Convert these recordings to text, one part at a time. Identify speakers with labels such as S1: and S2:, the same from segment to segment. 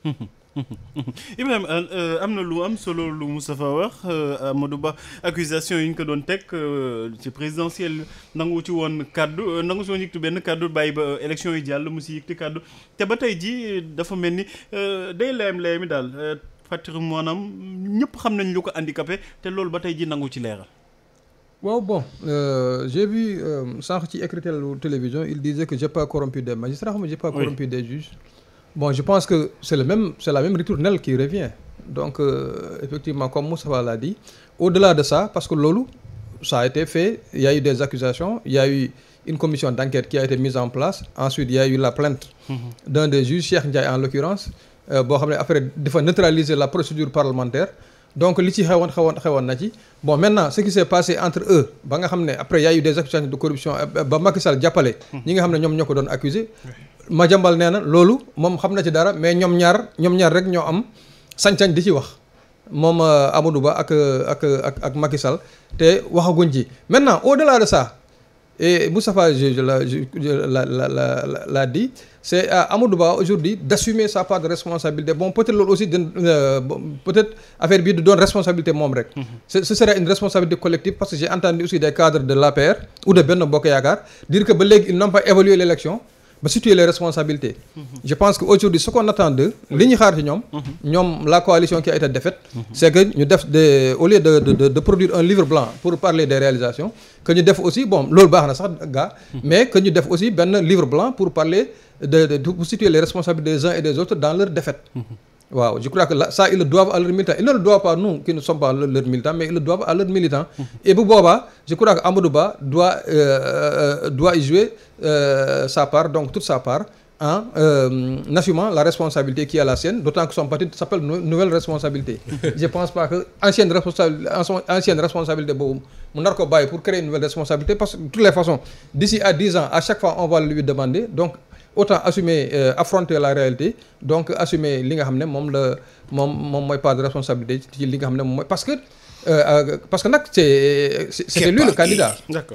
S1: Ibrahima euh, euh, am na lu am solo lu fa wax euh, du Ba accusation yi ñu ko doon teg ci présidentielle nangu ci woon kàddu nangu soo yëgtu benn kaddu bàyyi ba élection yi jàll mu si yëgti kaddu te ba tey ji dafa mel ni day layam layami daal fàttali maanaam ñëpp xam nañ lu ko handicapé te loolu ba tey ji nangu ci leeral
S2: waaw bon euh, bi vu sànq ci écritel télévision il disait que j'ai pas corrompu des magistrats xam nga j'ai pas corrompu des juges bon je pense que c'est le même c'est la même ritournelle qui revient donc euh, effectivement comme Moustapha l'a dit au-delà de ça parce que loolu ça a été fait il y a eu des accusations il y a eu une commission d'enquête qui a été mise en place ensuite il y a eu la plainte mm -hmm. d'un des juges Cheikh Ndiaye en l'occurrence euh, boo xam ne après dafa neutraliser la procédure parlementaire donc li ci xewoon xewoon xewoon na ci bon maintenant ce qui s'est passé entre eux ba nga xam ne après il y a eu euh, mm-hmm. nga xam ne ñoom ñoo ko doon accusé Madiambal nee na loolu moom xam na ci dara mais ñoom ñaar ñoom ñaar rek ñoo am sañ-sañ di ci wax moom euh, Amadou Ba ak euh, ak ak ak Macky Sall te waxaguñ ci maintenant au-delà de ça et Moustapha la la la la la dit c'est à euh, Amadou Ba aujourd'hui d'assumer sa part de responsabilité bon peut-être loolu aussi dina peut-être affaire bii du doon responsabilité moom rek. Mm-hmm. ce ce serait une responsabilité collective parce que j'ai entendu aussi des cadres de l'APR ou de Benno Bokk Yaakaar dire que ba léegi ils n'ont pas ba situer les responsabilités. Mhm. je pense que aujourd'hui ce qu'on attend li ñu xaar ci ñoom. Mhm. ñoom la coalition qui a été défaite. Mhm. c'est que ñu def des au lieu de de de produire un livre blanc pour parler des réalisations que ñu def aussi bon loolu baax na sax gaa. mais que ñu def aussi benn livre blanc pour parler de de situer les responsabilités des uns et des autres dans leur défaite. waaw je crois que la ça ils le doivent à leurs militants ils ne le doivent à leurs militants mhm. et bu booba je crois que Amadou Ba doit euh, euh, euh, doit y jouer euh, sa part donc toute sa part euh, en euh, assumant la responsabilité qui est la sienne d'autant que son parti s'appelle nouvelle responsabilité je pense pas que ancienne responsabilité boobu mu nar ko pour créer une nouvelle responsabilité parce que de toutes les façons d'ici à ans à chaque fois on va lui demander donc autant assumer euh, affronter la réalité donc assumer li nga xam ne moom la moom moom mooy part de responsabilité ci li nga xam ne moom mooy que euh, euh, parce que nag c'est c'était lui le candidat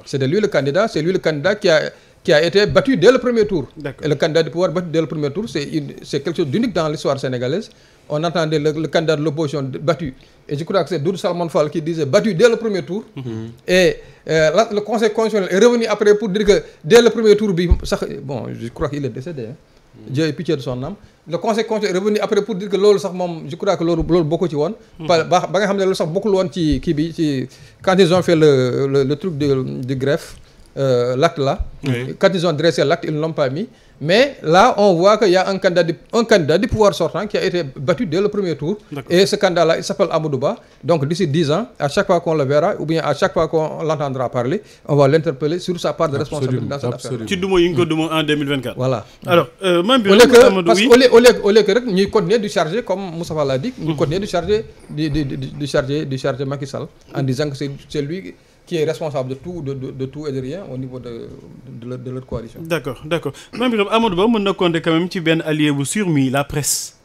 S2: c'était lui le candidat c'est lui le candidat qui a qui a été battu dès le premier tour et le candidat du pouvoir battu dès le premier tour c'est une c'est quelque chose d'unique dans l'histoire sénégalaise on entendait le, candidat de l'opposition battu et je crois que c'est Doudou Salmon Fall qui disait Euh, la le conseil constitutionnel est après pour dire que dès le premier tour bi sax bon je crois qu'il est décédé hein. Mm. Dieu ait pitié de son âme le conseil constitutionnel est après pour dire que loolu sax moom je crois que loolu loolu bokku ci woon. Mm. ba ba nga xam ne loolu sax bokkul woon ci kii bi ci quand ils ont fait le le, le truc de du greffe. euh, la là. Oui. Quand ils ont dressé l'acte, ils ne l'ont Mais là, on voit qu'il y a un candidat, du, pouvoir sortant qui a été battu dès le premier tour. Et ce candidat-là, il s'appelle Amoudouba. Donc d'ici ans, à chaque fois qu'on le verra, ou bien à chaque fois qu'on l'entendra parler, on va l'interpeller sur sa part de responsabilité dans cette ci duma yi ñu ko duma en voilà alors euh, même bi. au lieu que parce que au lieu au lieu charger comme Moustapha l'a dit. ñuy continuer qui est responsable de tout de de de tout et de rien au niveau de de de, de leur coalition. d' accord d' accord Mame Birame
S1: Amadou Ba mën na compter quand même ci benn allié bu sûr mi la presse.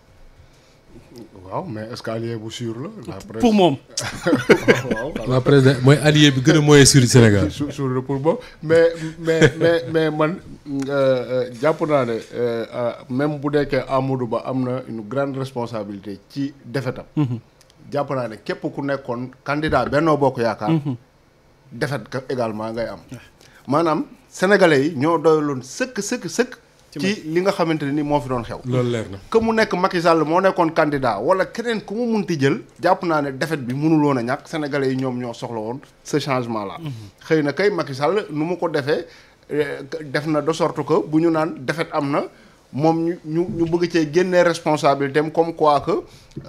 S3: waaw mais est ce que allié bu sûr la. la presse pour moom. waaw la presse mooy allié bi gën a mooy sur Sénégal. sur sur le pour moom mais mais mais mais man euh, euh, jàpp naa ne euh, même bu nekkee Amadou Ba am na une grande responsabilité ci defetam. Mhm. jàpp naa ne képp ku nekkoon candidat Benno Bokk Yaakaar. Mhm. defet ka également ngay am maanaam sénégalais yi ñoo doyloon sëkk sëkk sëkk ci li nga xamante ne ni moo fi doon xew loolu leer na que mu nekk Macky moo nekkoon candidat wala keneen ku mu ti jël jàpp naa ne défaite bi mënul woon a ñàkk sénégalais yi ñoom ñoo soxla woon ce changement là mhm. xëy na kay Macky Sall nu mu ko defee eh, def na de sorte que bu ñu naan défaite am na moom ñu ñu ñu bëgg cee génnee responsabilité am comme quoi que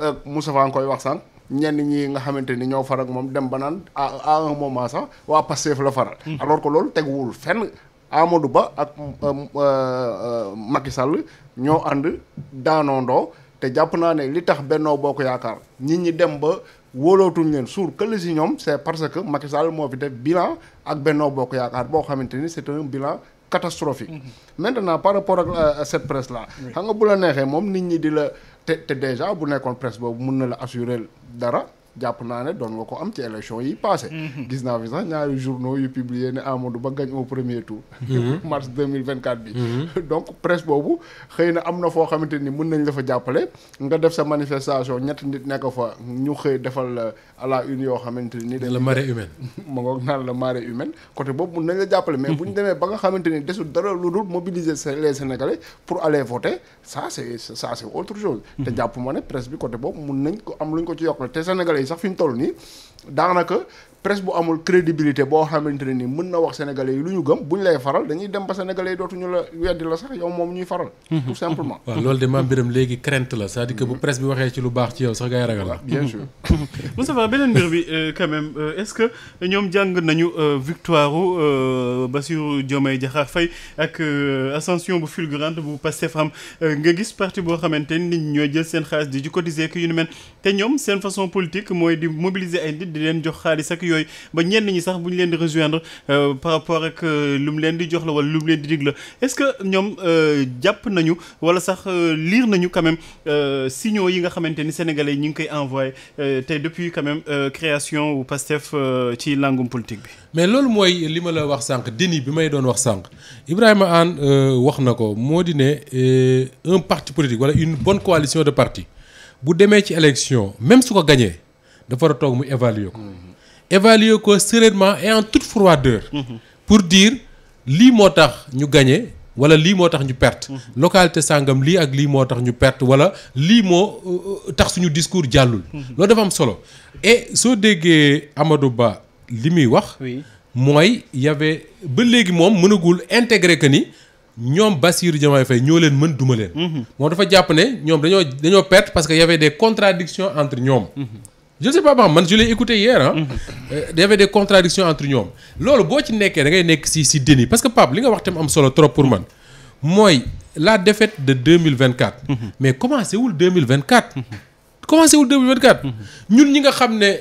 S3: euh, Moussa Fa nga koy wax sànq ñenn ñi nga xamante ni ñoo faral moom dem ba naan à un moment sax waa Pastef la faral. Hmm. alors ko loolu teguwul fenn. Amadou Ba ak euh, euh, Macky Sall ñoo ànd daanoondoo te jàpp naa ne li tax Benno Bokk Yaakaar nit ñi dem ba wóolootuñ leen suur këll si ñoom c'est parce que Macky Sall moo fi def bilan ak Benno Bokk Yaakaar boo xamante ni c'est un bilan catastrophique. Hmm. Maintenant par rapport ak euh, cette presse là. xam nga bu la neexee moom nit ñi di la. te te déjà bu nekkoon presse boobu mun na la assurer dara jàpp naa ne doon nga ko am ci élection yi passé mhm. gis naa fi sax ñaari journaux yu publié ne Amadou Ba gañ au premier tour mhm. mars 2024 bi mhm. donc presse boobu xëy na am na foo xamante ni mun nañ la fa jàppale nga def sa manifestation ñetti nit nekk fa ñu xëy defal la à une yoo xamante ni la marée humaine ma ngoog naan la marée humaine côté boobu mën nañ la jàppale mais bu ñu demee ba nga xamante ni desul dara lu dul mobiliser les Sénégalais pour aller voter ça c'est ça c'est autre chose te jàpp ma ne yi sax fi mu toll nii daanaka presse bu amul crédibilité boo xamante ne ni mën na wax sénégalais yi lu ñu gëm bu ñu lay faral dañuy dem ba sénégalais yi dootuñu la weddi la sax yow moom ñuy faral. Hmm. tout simplement. waaw
S4: loolu de maam mbiram léegi crainte la c'est-à-dire que bu presse bi waxee ci lu baax ci yow sax ngay ragal la. bien sûr.
S3: Moustapha beneen mbir bi euh, quand même euh,
S1: est-ce que ñoom jàng nañu euh, victoire u Bassirou Diomaye Diakhar Faye ak ascension bu fulgurante bu Pastef am nga gis parti boo xamante ni nit ñooy jël seen xaalis di ci cotiser ak te ñoom seen façon politique mooy di mobiliser ay nit di leen jox xaalis ak yooyu ba ñenn ñi sax bu ñu leen di rejoindre euh, par rapport ak euh, lu mu leen di jox la wala lu mu leen di dig la est-ce que ñoom euh, jàpp nañu wala sax liir nañu quand même signaux yi nga xamante ni sénégalais ñu ngi koy envoyé tey depuis quand même création wu Pastef
S4: ci langum politique bi. mais loolu mooy li ma la wax sànq déni bi may doon wax sànq Ibrahima Anne wax na ko moo di ne un parti politique wala une bonne coalition de parti bu demee ci élection même su ko gañee dafa war mu évaluer ko. évaluer ko sereinement et en toute froideur. pour diir lii moo tax ñu gañe wala lii moo tax ñu perte. localité sàngam lii ak lii moo tax ñu perte wala lii moo euh, tax suñu discours jàllul. loolu dafa am solo e soo déggee amado Ba li muy wax. mooy y ba léegi moom mënagul intégrer que ni. ñoom Bassirou Diomaye Faye ñoo leen mën duma leen. Mhm. moom dafa jàpp ne ñoom dañoo dañoo perte parce que y avait des contradictions entre ñoom. Mhm. je ne sais pas man je l'ai écouté hier ah. Mhm. Euh, il y avait des entre ñoom. loolu boo ci nekkee da ngay nekk si si déni parce que Pape li nga wax tam am solo trop pour man mooy la défaite de deux mille vingt quatre. Mhm. mais commencé wul deux mille vingt quatre. Mhm. commencé wul deux mille vingt quatre. ñun ñi nga xam ne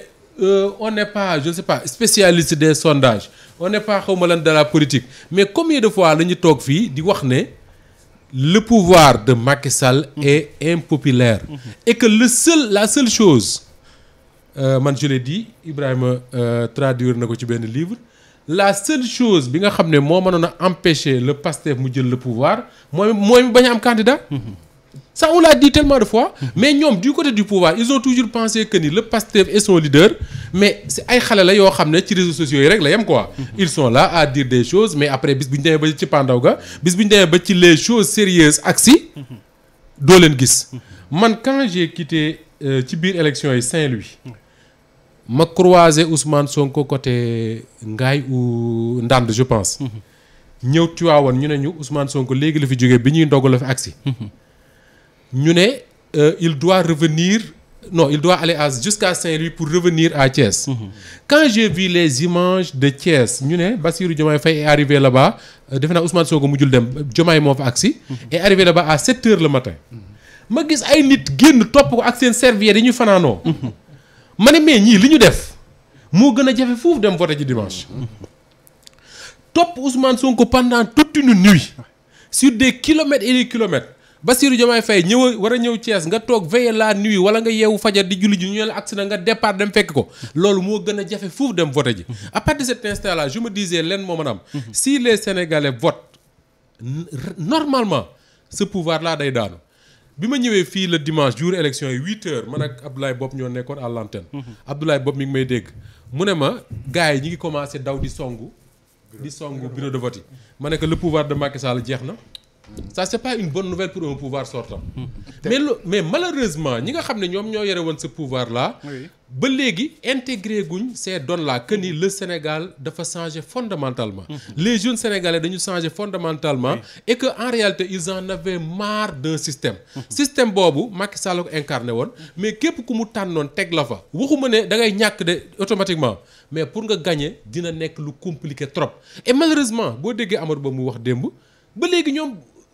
S4: euh, on n'est pas je ne sais pas spécialiste des sondages on n'est pas xawma lan de la politique mais combien de fois la ñu toog fii di wax ne. le pouvoir de Macky Sall est impopulaire. et que le seul la seul chose. Euh, man je l'ai dit Ibrahima euh, traduire na ko ci benn livre la seule chose bi nga xam ne moo mënoon a empêcher le Pastef mu jël le pouvoir mooy mooy mu bañ am candidat. Mm-hmm. ça on l'a dit tellement de fois. Mm-hmm. mais ñoom du côté du pouvoir ils ont toujours pensé que ni le Pastef est son leader. mais si ay xale la yoo xam ne ci réseaux sociaux yi rek la yem quoi. Mm-hmm. ils sont là à dire des choses mais après bis bu ñu demee ba ci pandaw ga bis bu ñu demee ba ci les choses sérieuses ak si. doo leen gis. man quand j'ai euh, ci biir élection yi Saint-Louis. ma croisé Ousmane Sonko côté Ngaye ou Ndande je pense. ñëw Tiwaawan ñu ne ñu Ousmane sonk léegi la fi jógee bi ñuy ndog la fi agsi. ñu ne euh, il doit revenir no il doit aller à jusqu'à Saint-Louis pour revenir à Thiès. quand j'ai vu les images de Thiès ñu ne Bassirou Diomaye fay est arrivé là-bas euh, defe naa Ousmane mu jul dem Diomaye moo fa agsi. Mhm. est arrivé là-bas à sept heures le matin. ma gis ay nit génn topp ko ak seen serviette yi ñu fanaanoo. Mhm. ma ne mais ñii li ñu def moo gën a jafe foofu dem voté ji dimanche topp Ousmane Sonko pendant toute une nuit sur des kilomètres et des kilomètres Bassirou Diomaye fay ñëw war a ñëw cees nga toog veille la nuit wala nga yeewu fajar di julli ji ñu la na nga départ dem fekk ko loolu moo gën a jafe foofu dem voté ji à partir de cet instant là je me si les Sénégalais votent normalement ce pouvoir là day daanu bi ma ñëwee fii le dimanche jour élection yi huit heures man ak Abdoulaye Bob ñoo nekkoon à l'antenne. Mhm. Abdoulaye Bob mi ngi may dégg. mu ne ma gars yi ñi ngi commencé daw di songu. di songu bureau de vote yi. ma ne que le pouvoir de Macky Sall jeex na. ça c'est pas une bonne nouvelle pour un pouvoir sortant. Hmm. mais malheureusement ñi nga xam ne ñoom ñoo yore woon ce pouvoir là. ba léegi intégré guñ ces données là que ni le Sénégal dafa changer fondamentalement. Hmm. les jeunes sénégalais dañu changer fondamentalement. et que en réalité ils en avaient marre d'un système. Hmm. système boobu Macky Sall ko woon mais képp ku mu tànnoon teg la fa waxuma ne da ngay ñàkk de automatiquement mais pour nga gagner dina nekk lu compliqué trop et boo déggee Amadou Ba mu wax démb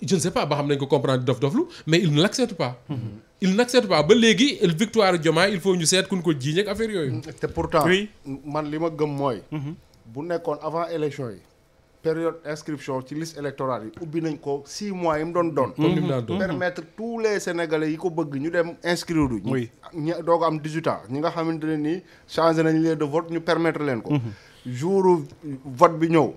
S4: je ne sais pas ba xam nañ ko comprendre dof doflu mais il ne l'accepte pas. Mm-hmm. il n'accepte pas ba léegi victoire Diomaye il faut ñu seet ku ko jiiñ ak affaire yooyu. Mm, te pourtant man
S3: li ma gëm mooy. Mm-hmm. bu nekkoon avant élection yi. période inscription ci liste électorale yi ubbi nañ ko six mois yi mu doon doon. doon permettre tous les sénégalais yi ko bëgg ñu dem inscrire du. oui ñi doo ko am 18 ans ñi nga xamante ne nii changé nañ lieu de vote ñu permettre leen ko. Mm-hmm. jour vote bi ñëw.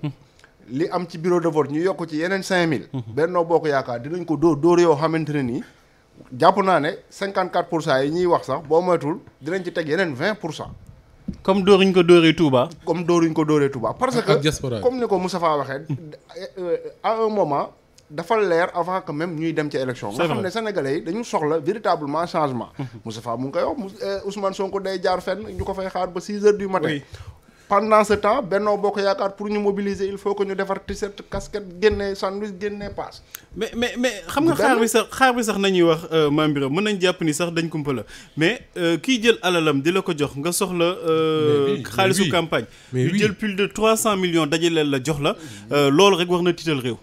S3: li am ci bureau de vote ñu yokk ci yeneen cinq mille Benno ko Yaakaar dinañ ko dóor dóor yoo xamante ne nii jàpp naa ne cinquante quatre pour cent yi ñuy wax sax boo moytul dinañ ci teg yeneen vingt pour cent comme dóoruñ ko dóoree Touba comme dóoruñ ko dóoree Touba parce que comme ni ko a waxee euh, à un moment dafa leer avant que même ñuy dem ci élection nga xam ne sénégalais yi dañu soxla véritablement changement mmh. Moustapha mu ngi koy wax euh, Ousmane Sonko day jaar fenn ñu ko fay xaar ba six heures du matin pendant ce temps Benno Bokk Yaakaar pour ñu mobiliser il faut que ñu defar t-shirt casquette génne sandwich génne paas.
S1: mais mais mais xam nga xaar bi sax xaar bi sax nañuy wax euh, maam Birame mën nañ jàpp ni sax dañ kumpa la mais euh, kiy jël alalam di la ko jox nga soxla. Euh, xaalisu campagne. ñu jël plus de trois 300 millions dajaleel la jox la loolu rek wax na tiital réew.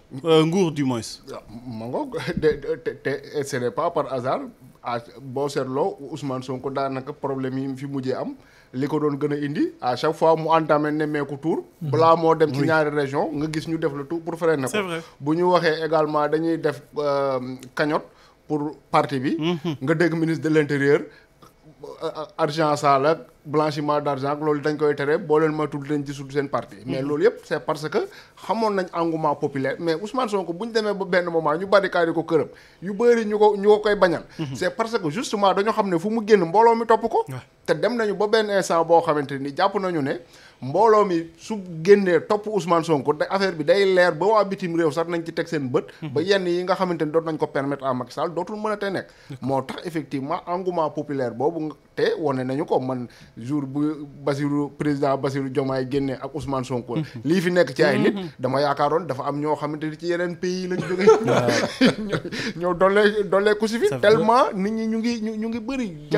S1: nguur du moins.
S3: Ah, ma ngoog te te ce par hasard ah boo seetloo Ousmane Sonko daanaka problème yi fi mujjee am. li ko doon gën a indi à chaque fois mu entamé nemmeeku tour balaa moo dem ci ñaari région nga gis ñu def le tout pour freiner ko bu ñu waxee également dañuy def euh, cagnotte pour parti bi mhm. nga dégg ministre de l'intérieur euh, argent sale ak blanchiment d'argent loolu dañ koy tere boo leen moytuwul dañ ci sut seen parti mais mhm. loolu yëpp c'est parce que xamoon nañ engouement populaire mais Ousmane Sonko bu ñu demee ba benn moment ñu barricade ko këram yu bëri ko ñu ko koy bañal mhm. c'est parce que justement dañoo xam ne fu mu génn mbooloo mi topp ko te dem nañu ba benn instant boo xamante ni jàpp nañu ne mbooloo mi su génnee topp Ousmane sonku te affaire bi day leer ba waa bitim réew sax nañ ci teg seen bët. Mhm. ba yenn yi nga xamante ni doot nañ ko permettre à Macky Sall dootul mën a te nekk. moo tax effectivement engouement populaire boobu te wone nañu ko man jour bu Basirou président Basirou Diomaye génne ak Ousmane Sonko. Mhm. lii fi nekk ci ay nit. Mhm. dama yaakaaroon dafa am ñoo xamante ni ci yeneen pays yi lañ jógee. ñoo doole doole ku ñi ñu ngi ñu ngi bëri.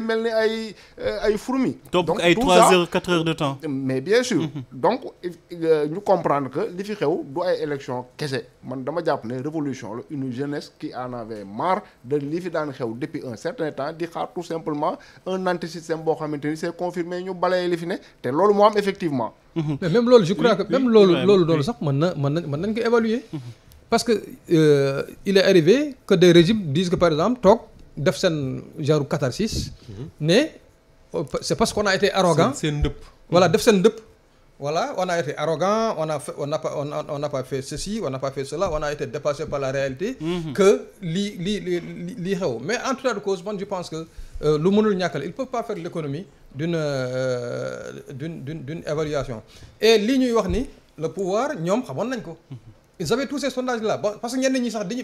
S3: mel ni ay. Euh, ay fourmis. donc ay 3 heures
S1: 4
S3: mais bien sûr. Mm-hmm. donc euh, ñu comprendre que li fi xew du ay élection kese man dama jàpp ne révolution la une jeunesse qui en avait marre de li fi daan xew depuis un certain temps di xaar tout simplement un antisystème boo xamante ni c'est confirmé ñu balayee li fi ne te loolu moo am
S2: effectivement. Mm-hmm. mais même loolu je crois que même loolu loolu loolu sax mën na mën na mën nañ ko évaluer. Mm-hmm. parce que euh, il est arrivé que des régimes disent par exemple toog def seen genre catharsis. c'est parce qu'on a été arrogant seen ndëpp voilà def seen ndëpp voilà on été arrogant on a fait, on n'a pas on a, n'a n'a pas a été dépassé par la réalité mm-hmm. que lii lii li lii xew mais en tout de cause man je pense que euh, lu munul ñàkk la ils peuvent pas faire l'économie d'une euh, d'une d'une et lii ñuy wax ni le pouvoir ñoom xamoon nañ ko ils avaient tous ces sondages là parce que ñenn ñi sax dañu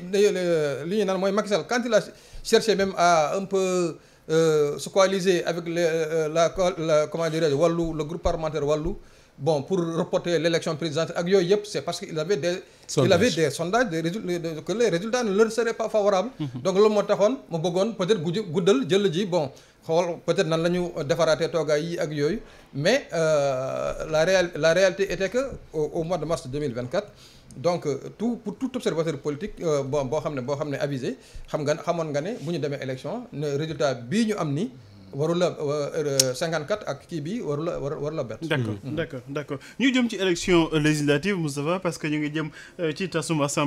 S2: li ñuy naan mooy Macky Sall quand il a un peu euh, se coaliser avec les, euh, la, la comment dirais-je wàllu le groupe parlementaire wàllu bon pour reporter l'élection présidentielle ak yooyu yëpp c'est parce que il avait des sondage il avait des sondages des résultats que leur seraient pas favorables. Mhm. donc loolu moo taxoon mu bëggoon peut-être guddi guddal jël ji bon xool peut-être nan la ñu defaraatee toogaay yi ak yooyu mais euh, la réal la réalité était que au, au mois de mars 2024 donc euh, tout pour tout observateur politique euh, bo boo xam ne boo xam ne avisé xam nga xamoon nga ne bu ñu demee élection ne résultat bii ñu am ni warul la 54 euh, ak kii bi waru la waru la bett. d' accord d' ñu jëm ci élection législative Moustapha parce que ñu ngi jëm ci tasum assemblée.